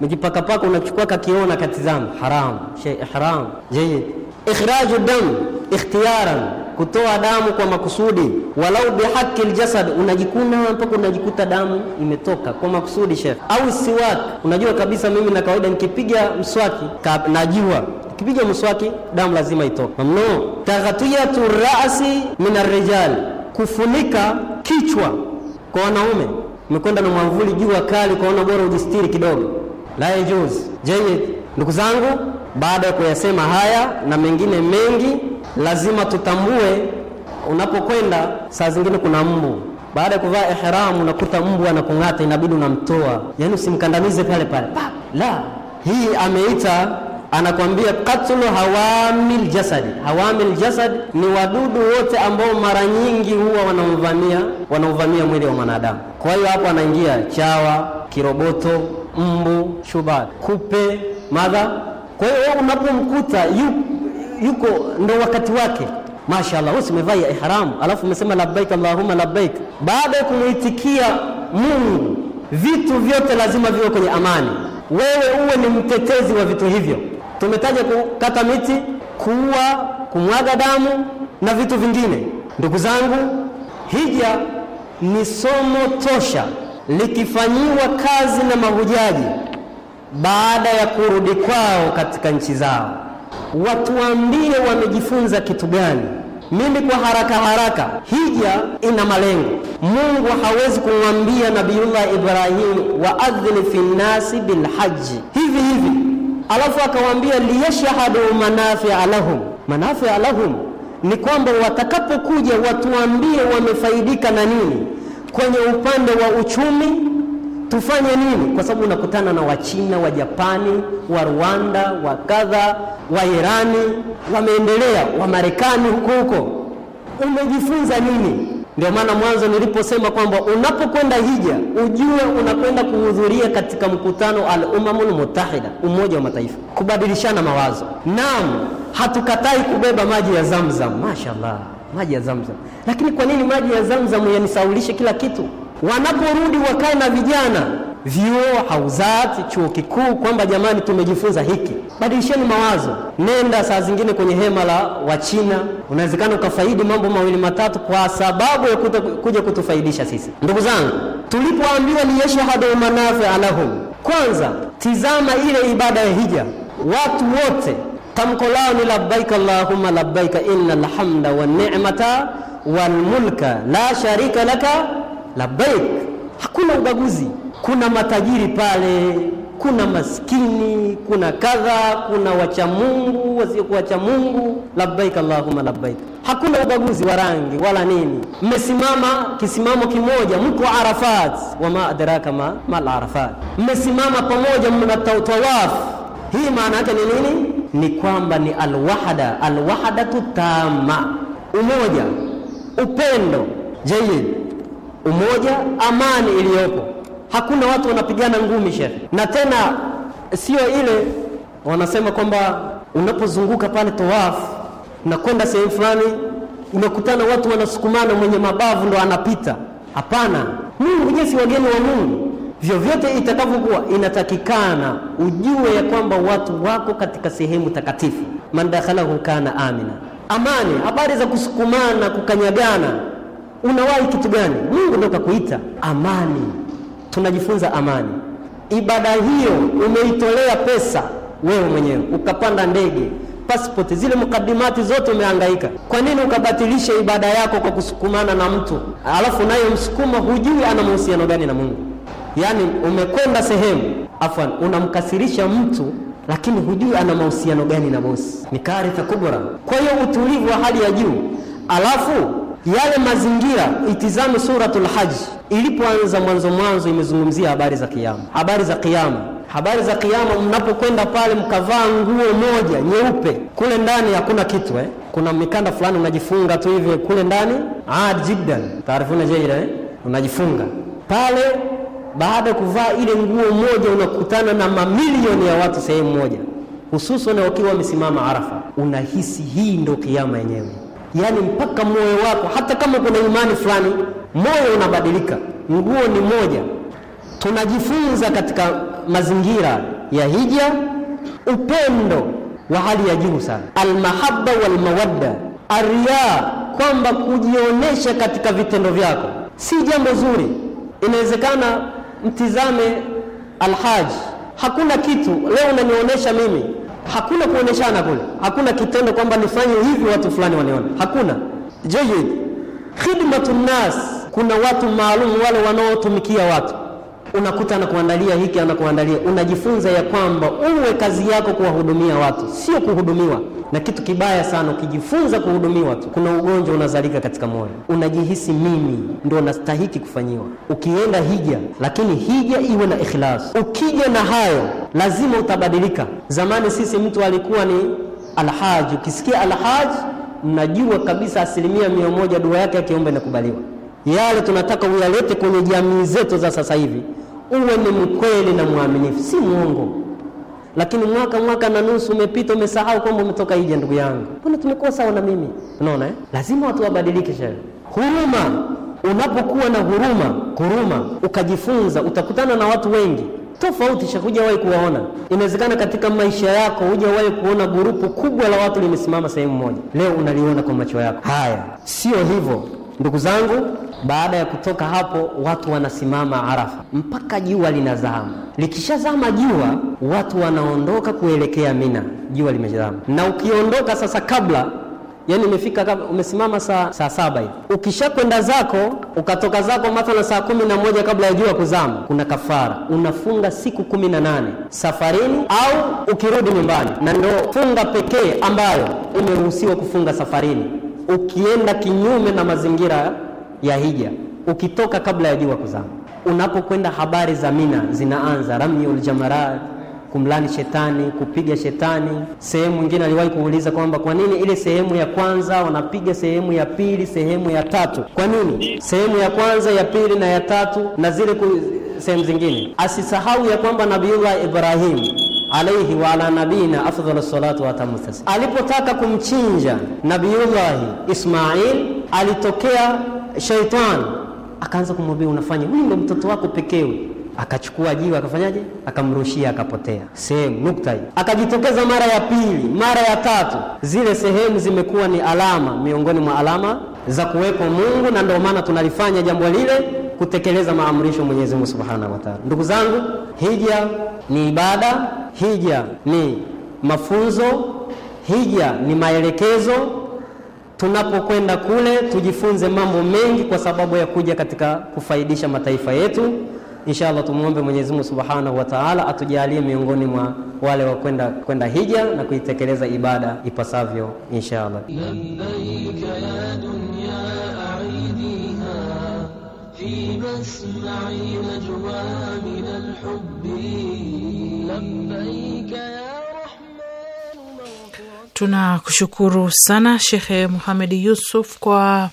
mjipaka pako, unachukua ka kioo na katizama. Haram, shay ihram. Jayid. Ikhraju dam ikhtiyaran, kutoa damu kwa makusudi. Walau bihaqi jasad, unajikuna mpaka unajikuta damu imetoka kwa makusudi, shekh. Au siwak, unajua kabisa mimi na kawaida nikipiga mswaki ka, najua nikipiga mswaki damu lazima itoke. Mamnu. Taghtiyatu ra'si min arrijal kufunika kichwa kwa wanaume, umekwenda na mwamvuli, jua kali, kwaona bora ujistiri kidogo, la yajuzu. Je, ndugu zangu, baada ya kuyasema haya na mengine mengi, lazima tutambue, unapokwenda saa zingine kuna mbu. Baada ya kuvaa ihram unakuta mbu anakung'ata, inabidi unamtoa, yaani usimkandamize pale pale, la hii ameita anakwambia katlu hawamil jasad. Hawamil jasad ni wadudu wote ambao mara nyingi huwa wanaovamia wanaovamia mwili wa mwanadamu. Kwa hiyo hapo anaingia chawa, kiroboto, mbu, shubari, kupe, madha. Kwa hiyo unapomkuta yu, yuko ndo wakati wake Mashallah, wewe umevaa ihram alafu umesema labbaik allahumma labbaik. Baada ya kumuitikia Mungu, vitu vyote lazima viwe kwenye amani. Wewe uwe ni mtetezi wa vitu hivyo tumetaja kukata miti, kuua, kumwaga damu na vitu vingine. Ndugu zangu, hija ni somo tosha likifanyiwa kazi na mahujaji baada ya kurudi kwao katika nchi zao, watuambie wamejifunza kitu gani. Mimi kwa haraka haraka, hija ina malengo. Mungu hawezi kumwambia Nabiullah Ibrahim, waadhini fi nnasi bilhaji hivi hivi alafu akawaambia liyashhadu manafia lahum, manafia lahum ni kwamba watakapokuja watuambie wamefaidika na nini kwenye upande wa uchumi, tufanye nini? Kwa sababu unakutana na Wachina, wa japani wa Rwanda, wa kadha, wa Irani, wameendelea, wa Marekani huko huko, umejifunza nini? Ndio maana mwanzo niliposema kwamba unapokwenda hija ujue unakwenda kuhudhuria katika mkutano al-Umamul Mutahida, Umoja wa Mataifa, kubadilishana mawazo. Naam, hatukatai kubeba maji ya Zamzam, mashallah, maji ya Zamzam. Lakini kwa nini maji ya Zamzam yanisaulishe kila kitu? Wanaporudi wakae na vijana vyuo, hauzati, chuo kikuu, kwamba jamani, tumejifunza hiki. Badilisheni mawazo, nenda saa zingine kwenye hema la Wachina, unawezekana ukafaidi mambo mawili matatu, kwa sababu ya kuja kutufaidisha sisi. Ndugu zangu, tulipoambiwa ni yashhadu manafia alahum, kwanza tizama ile ibada ya hija, watu wote tamko lao ni labbaika allahumma labbaika innal hamda wan ni'mata wal mulka la sharika laka labbaik, hakuna ubaguzi kuna matajiri pale, kuna maskini, kuna kadha, kuna wacha Mungu, wasiokuwa wacha Mungu. Labbaik allahumma labbaik, hakuna ubaguzi wa rangi wala nini. Mmesimama kisimamo kimoja, mko Arafat. Wama adraka ma mal Arafat, mmesimama pamoja, mna tawaf. Hii maana yake ni nini? Ni kwamba ni alwahda, alwahdatu tama, umoja, upendo, jayyid, umoja, amani iliyopo hakuna watu wanapigana ngumi shehe, na tena sio ile wanasema kwamba unapozunguka pale tawaf na kwenda sehemu fulani unakutana watu wanasukumana, mwenye mabavu ndo anapita. Hapana, Mungu jinsi wageni wa Mungu vyovyote itakavyokuwa, inatakikana ujue ya kwamba watu wako katika sehemu takatifu. man dakhalahu kana amina, amani. Habari za kusukumana, kukanyagana, unawahi kitu gani? Mungu ndo kakuita amani tunajifunza amani. Ibada hiyo umeitolea pesa wewe mwenyewe, ukapanda ndege, passport, zile, mkadimati zote, umehangaika. Kwa nini ukabatilisha ibada yako kwa kusukumana na mtu, alafu naye msukuma hujui ana mahusiano gani na Mungu? Yaani umekwenda sehemu, afwan, unamkasirisha mtu lakini hujui ana mahusiano gani na bosi. Ni karitha kubwa. Kwa hiyo utulivu wa hali ya juu, alafu yale mazingira, itizame Suratul Haji ilipoanza mwanzo mwanzo imezungumzia habari za kiyama, habari za kiyama habari za kiyama. Mnapokwenda pale mkavaa nguo moja nyeupe, kule ndani hakuna kitu eh? Kuna mikanda fulani unajifunga tu hivi kule ndani aad jiddan taarifuna jeira eh? Unajifunga pale, baada ya kuvaa ile nguo moja unakutana na mamilioni ya watu sehemu moja, hususan wakiwa wamesimama Arafa. Unahisi hii ndo kiyama yenyewe, yaani mpaka moyo wako, hata kama kuna imani fulani moyo unabadilika, nguo ni moja. Tunajifunza katika mazingira ya hija upendo wa hali ya juu sana, almahabba walmawadda, aria, kwamba kujionyesha katika vitendo vyako si jambo zuri. Inawezekana mtizame alhaji, hakuna kitu leo unanionyesha mimi, hakuna kuonyeshana kule, hakuna kitendo kwamba nifanye hivi watu fulani wanione, hakuna. Jayyid khidmatun nas kuna watu maalum wale wanaotumikia watu, unakuta anakuandalia hiki, anakuandalia. Unajifunza ya kwamba uwe kazi yako kuwahudumia watu, sio kuhudumiwa. Na kitu kibaya sana, ukijifunza kuhudumiwa tu, kuna ugonjwa unazalika katika moyo, unajihisi mimi ndo nastahiki kufanyiwa. Ukienda hija, lakini hija iwe na ikhlas. Ukija na hayo, lazima utabadilika. Zamani sisi mtu alikuwa ni alhaji, ukisikia alhaji mnajua kabisa asilimia mia moja dua yake akiomba inakubaliwa yale tunataka uyalete kwenye jamii zetu za sasa hivi, uwe ni mkweli na mwaminifu, si mwongo. Lakini mwaka mwaka na nusu umepita, umesahau kwamba umetoka hija. Ndugu yangu, mbona tumekuwa sawa na mimi? Unaona eh? lazima watu wabadilike. Shehe, huruma. Unapokuwa na huruma, huruma ukajifunza, utakutana na watu wengi tofauti sha hujawahi kuwaona. Inawezekana katika maisha yako hujawahi kuona gurupu kubwa la watu limesimama sehemu moja, leo unaliona kwa macho yako. Haya, sio hivyo ndugu zangu. Baada ya kutoka hapo, watu wanasimama Arafa mpaka jua linazama. Likishazama jua, watu wanaondoka kuelekea Mina, jua limezama. Na ukiondoka sasa, kabla yani umefika kabla, umesimama saa, saa saba hivi, ukishakwenda zako ukatoka zako mathala saa kumi na moja kabla ya jua kuzama, kuna kafara, unafunga siku kumi na nane safarini au ukirudi nyumbani, na ndio funga pekee ambayo umeruhusiwa kufunga safarini, ukienda kinyume na mazingira ya hija, ukitoka kabla ya jua kuzama. Unapokwenda habari za Mina zinaanza ramyul jamarat, kumlani shetani, kupiga shetani. Sehemu nyingine aliwahi kuuliza kwamba kwa nini ile sehemu ya kwanza wanapiga, sehemu ya pili, sehemu ya tatu? Kwa nini sehemu ya kwanza, ya pili na ya tatu na zile ku sehemu zingine? Asisahau ya kwamba Nabiullah Ibrahim alaihi wa ala nabiyina afdhalu salatu watamu taslim, alipotaka kumchinja Nabiullahi Ismail alitokea shaitani akaanza kumwambia unafanya huyu ndo mtoto wako pekee akachukua jiwe akafanyaje akamrushia akapotea sehemu nukta hii akajitokeza mara ya pili mara ya tatu zile sehemu zimekuwa ni alama miongoni mwa alama za kuwepo mungu na ndio maana tunalifanya jambo lile kutekeleza maamrisho mwenyezi mungu subhanahu wataala ndugu zangu hija ni ibada hija ni mafunzo hija ni maelekezo tunapokwenda kule tujifunze mambo mengi kwa sababu ya kuja katika kufaidisha mataifa yetu. Insha Allah tumwombe Mwenyezi Mungu Subhanahu wa Ta'ala atujalie miongoni mwa wale wa kwenda kwenda hija na kuitekeleza ibada ipasavyo insha Allah. Tunakushukuru sana Shekhe Muhamedi Yusuf kwa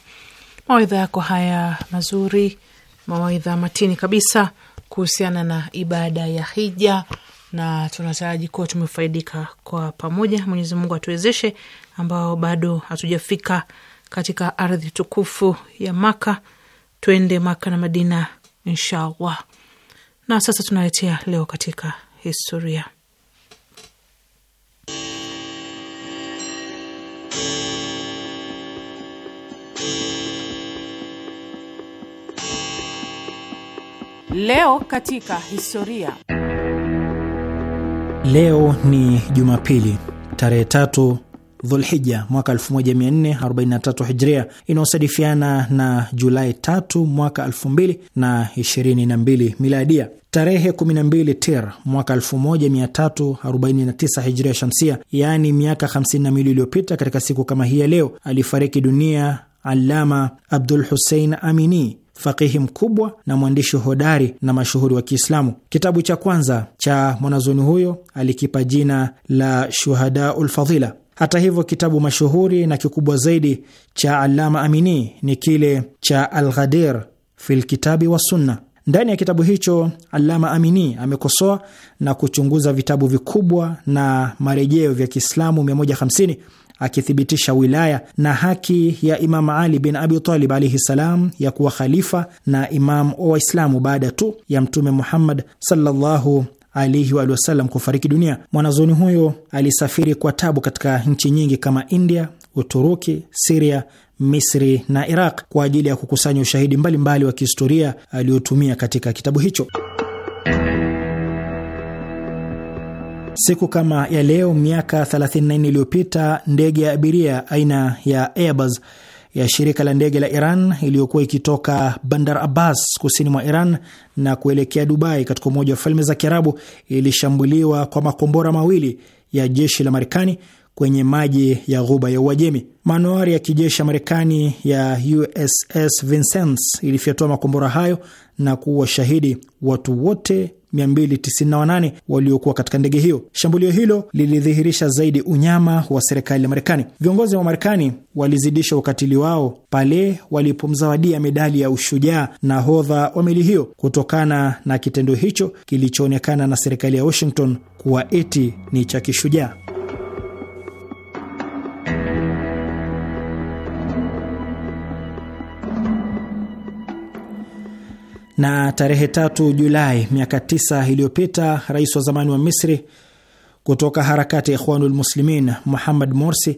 mawaidha yako haya mazuri, mawaidha matini kabisa kuhusiana na ibada ya hija, na tunataraji kuwa tumefaidika kwa pamoja. Mwenyezi Mungu atuwezeshe ambao bado hatujafika katika ardhi tukufu ya Maka, twende Maka na Madina inshallah. Na sasa tunaletea leo katika historia Leo katika historia. Leo ni Jumapili tarehe tatu Dhulhija mwaka 1443 Hijria, inayosadifiana na Julai 3 mwaka 2022 Miladia. Tarehe 12 Tir mwaka 1349 Hijria Shamsia, yaani miaka 52 iliyopita, katika siku kama hii ya leo alifariki dunia Allama Abdul Hussein Amini, fakihi mkubwa na mwandishi hodari na mashuhuri wa Kiislamu. Kitabu cha kwanza cha mwanazoni huyo alikipa jina la Shuhada Fadhila. Hata hivyo, kitabu mashuhuri na kikubwa zaidi cha alama Amini ni kile cha Alghadir fi lkitabi wa Sunna. Ndani ya kitabu hicho alama Amini amekosoa na kuchunguza vitabu vikubwa na marejeo vya Kiislamu 150 akithibitisha wilaya na haki ya Imam Ali bin Abi Talib alaihi salam ya kuwa khalifa na imam wa Waislamu baada tu ya Mtume Muhammad sallallahu alaihi wa sallam kufariki dunia. Mwanazoni huyo alisafiri kwa tabu katika nchi nyingi kama India, Uturuki, Siria, Misri na Iraq kwa ajili ya kukusanya ushahidi mbalimbali mbali wa kihistoria aliotumia katika kitabu hicho. Siku kama ya leo miaka 34 iliyopita ndege ya abiria aina ya Airbus ya shirika la ndege la Iran iliyokuwa ikitoka Bandar Abbas kusini mwa Iran na kuelekea Dubai katika Umoja wa Falme za Kiarabu ilishambuliwa kwa makombora mawili ya jeshi la Marekani kwenye maji ya ghuba ya Uajemi. Manuari ya kijeshi ya Marekani ya USS Vincennes ilifyatua makombora hayo na kuwa shahidi watu wote 298 waliokuwa katika ndege hiyo. Shambulio hilo lilidhihirisha zaidi unyama wa serikali ya Marekani. Viongozi wa Marekani walizidisha ukatili wao pale walipomzawadia medali ya ushujaa nahodha wa meli hiyo kutokana na kitendo hicho kilichoonekana na serikali ya Washington kuwa eti ni cha kishujaa. na tarehe tatu Julai miaka tisa iliyopita rais wa zamani wa Misri kutoka harakati ya Ikhwanul Muslimin Muhammad Morsi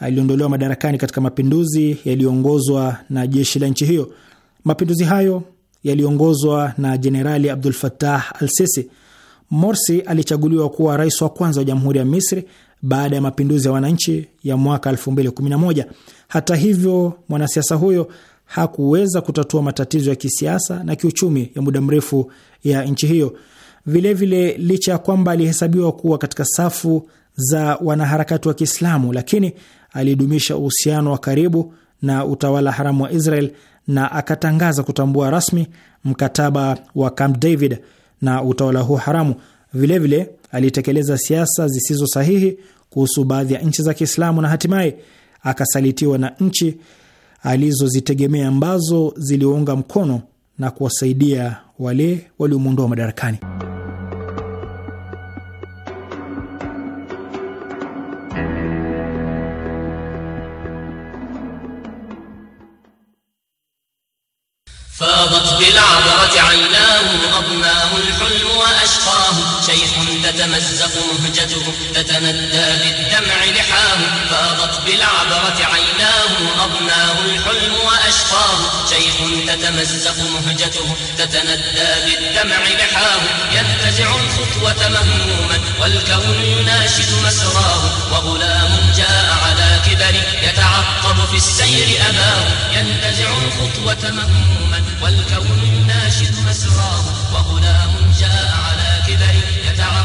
aliondolewa madarakani katika mapinduzi yaliyoongozwa na jeshi la nchi hiyo. Mapinduzi hayo yaliongozwa na Jenerali Abdul Fattah al Sisi. Morsi alichaguliwa kuwa rais wa kwanza wa jamhuri ya Misri baada ya mapinduzi ya wananchi ya mwaka 2011. Hata hivyo, mwanasiasa huyo hakuweza kutatua matatizo ya kisiasa na kiuchumi ya muda mrefu ya nchi hiyo. Vilevile, licha ya kwamba alihesabiwa kuwa katika safu za wanaharakati wa Kiislamu, lakini alidumisha uhusiano wa karibu na utawala haramu wa Israel na akatangaza kutambua rasmi mkataba wa Camp David na utawala huo haramu. Vilevile alitekeleza siasa zisizo sahihi kuhusu baadhi ya nchi za Kiislamu na hatimaye akasalitiwa na nchi alizozitegemea ambazo ziliwaunga mkono na kuwasaidia wale waliomwondoa madarakani. Fa فاضت بالعبرة عيناه أضناه الحلم وأشقاه شيخ تتمزق مهجته تتندى بالدمع لحاه فاضت بالعبرة عيناه أضناه الحلم وأشقاه شيخ تتمزق مهجته تتندى بالدمع لحاه ينتزع الخطوة مهموما والكون يناشد مسراه وغلام جاء على كبر يتعقب في السير أباه ينتزع الخطوة مهموما والكون يناشد مسراه وغلام جاء على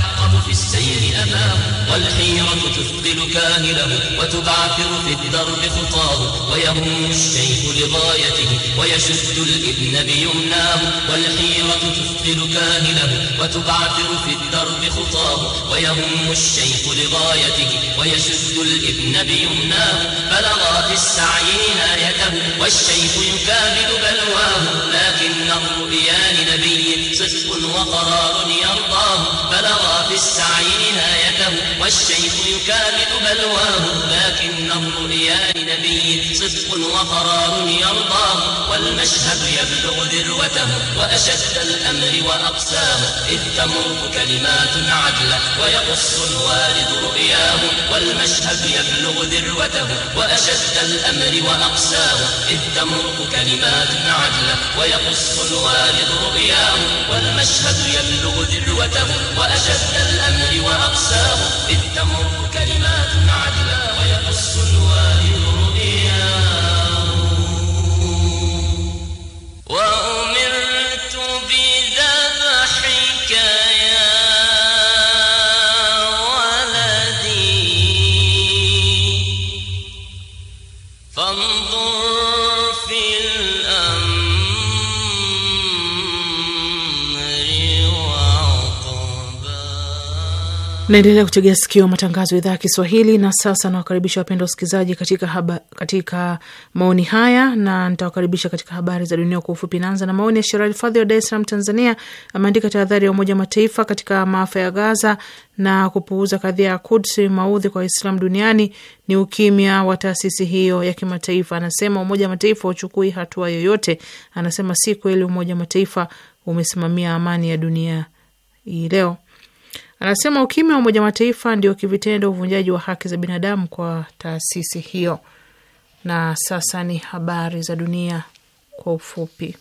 تتعقب في السير أمامه والحيرة تثقل كاهله وتبعثر في الدرب خطاه ويهم الشيخ لغايته ويشد الإبن بيمناه والحيرة تثقل كاهله وتبعثر في الدرب خطاه ويهم الشيخ لغايته ويشد الإبن بيمناه بلغا في السعي نهايته والشيخ يكابد بلواه لكن الرؤيا لنبي صدق وقرار يرضاه بلغا في السعي نهايته والشيخ يكابد بلواه لكن نظر لنبي صدق وقرار يرضاه والمشهد يبلغ ذروته وأشد الأمر وأقساه إذ تمر كلمات عدله ويقص الوالد رؤياه والمشهد يبلغ ذروته وأشد الأمر وأقساه إذ تمر كلمات عدله ويقص الوالد رؤياه والمشهد يبلغ ذروته وأشد أسد الأمر وأقساه بالتمر كلمات عدلا ويقص الوالي الرؤيا Naendelea kutegea sikio matangazo ya idhaa ya Kiswahili. Na sasa nawakaribisha wapendwa wasikilizaji katika haba, katika maoni haya, na nitawakaribisha katika habari za dunia kwa ufupi. Naanza na maoni ya Sherali Fadhi wa Dar es Salaam, Tanzania. Ameandika tahadhari ya Umoja wa Mataifa katika maafa ya Gaza na kupuuza kadhia ya Kudsi, maudhi kwa Waislamu duniani ni ukimya wa taasisi hiyo ya kimataifa. Anasema Umoja wa Mataifa uchukui hatua yoyote. Anasema si kweli Umoja wa Mataifa umesimamia amani ya dunia hii leo. Anasema ukimya wa Umoja wa Mataifa ndio kivitendo uvunjaji wa haki za binadamu kwa taasisi hiyo. Na sasa ni habari za dunia kwa ufupi.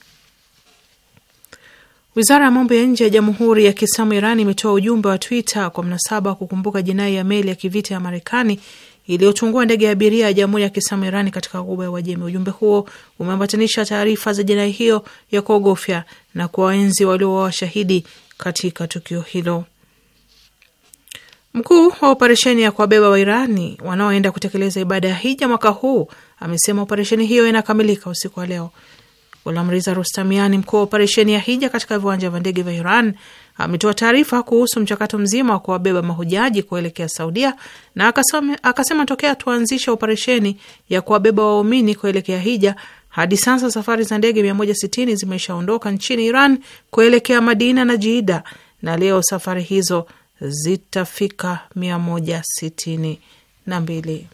Wizara ya mambo ya nje ya Jamhuri ya Kiislamu Iran imetoa ujumbe wa Twitter kwa mnasaba wa kukumbuka jinai ya meli ya kivita ya Marekani iliyotungua ndege ya abiria ya Jamhuri ya Kiislamu Iran katika Ghuba ya Uajemi. Ujumbe huo umeambatanisha taarifa za jinai hiyo ya kuogofya na kuwaenzi waliowa washahidi katika tukio hilo. Mkuu wa operesheni ya kuwabeba Wairani wanaoenda kutekeleza ibada ya hija mwaka huu amesema operesheni hiyo inakamilika usiku wa leo. Gulamriza Rustamiani, mkuu wa operesheni ya hija katika viwanja vya ndege vya Iran, ametoa taarifa kuhusu mchakato mzima wa kuwabeba mahujaji kuelekea Saudia na akasema, akasema tokea tuanzisha operesheni ya kuwabeba waumini kuelekea hija hadi sasa safari za ndege 160 zimeshaondoka nchini Iran kuelekea Madina na Jiida, na leo safari hizo zitafika mia moja sitini na mbili.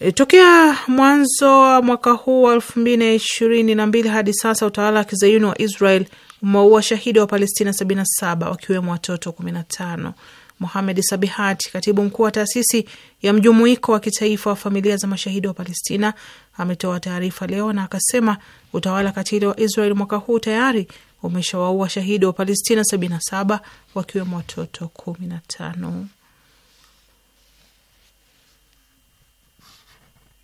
E, tokea mwanzo wa mwaka huu wa elfu mbili na ishirini na mbili hadi sasa utawala wa kizayuni wa Israel umeua shahidi wa Palestina 77 wakiwemo watoto 15. muhamed Sabihati, katibu mkuu wa taasisi ya mjumuiko wa kitaifa wa familia za mashahidi wa Palestina, ametoa taarifa leo na akasema utawala katili wa Israel mwaka huu tayari umeshawaua shahidi wa Palestina 77 wakiwemo watoto 15.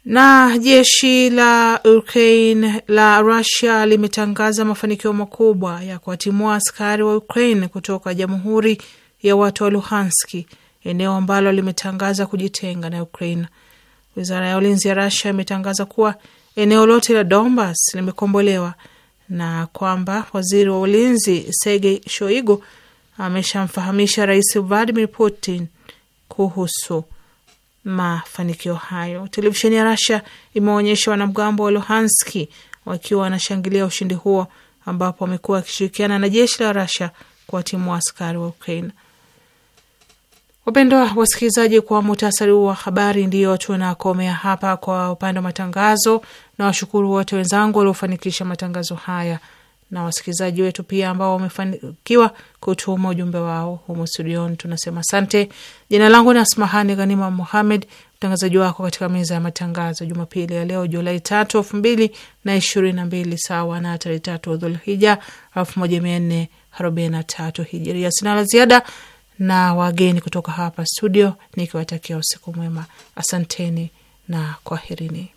Na jeshi la Ukraine la Rusia limetangaza mafanikio makubwa ya kuwatimua askari wa Ukraine kutoka jamhuri ya watu wa Luhanski, eneo ambalo limetangaza kujitenga na Ukraine. Wizara ya ulinzi ya Rusia imetangaza kuwa eneo lote la Donbas limekombolewa na kwamba waziri wa ulinzi sergey Shoigu ameshamfahamisha rais Vladimir Putin kuhusu mafanikio hayo. Televisheni ya rasia imeonyesha wanamgambo wa Luhanski wakiwa wanashangilia ushindi huo, ambapo wamekuwa wakishirikiana na jeshi la Russia kuwatimua askari wa Ukraina. Wapendwa wasikilizaji, kwa muhtasari huu wa habari ndio tunakomea hapa kwa upande wa matangazo, na washukuru wote wenzangu waliofanikisha matangazo haya na wasikilizaji wetu pia ambao wamefanikiwa kutuma ujumbe wao humu studioni, tunasema asante. Jina langu ni Asmahani Ghanima Muhamed, mtangazaji wako katika meza ya matangazo Jumapili ya leo Julai tatu elfu mbili na ishirini na mbili sawa na tarehe tatu Dhulhija elfu moja mia nne arobaini na tatu hijiria. Sina la ziada na wageni kutoka hapa studio, nikiwatakia usiku mwema. Asanteni na kwaherini.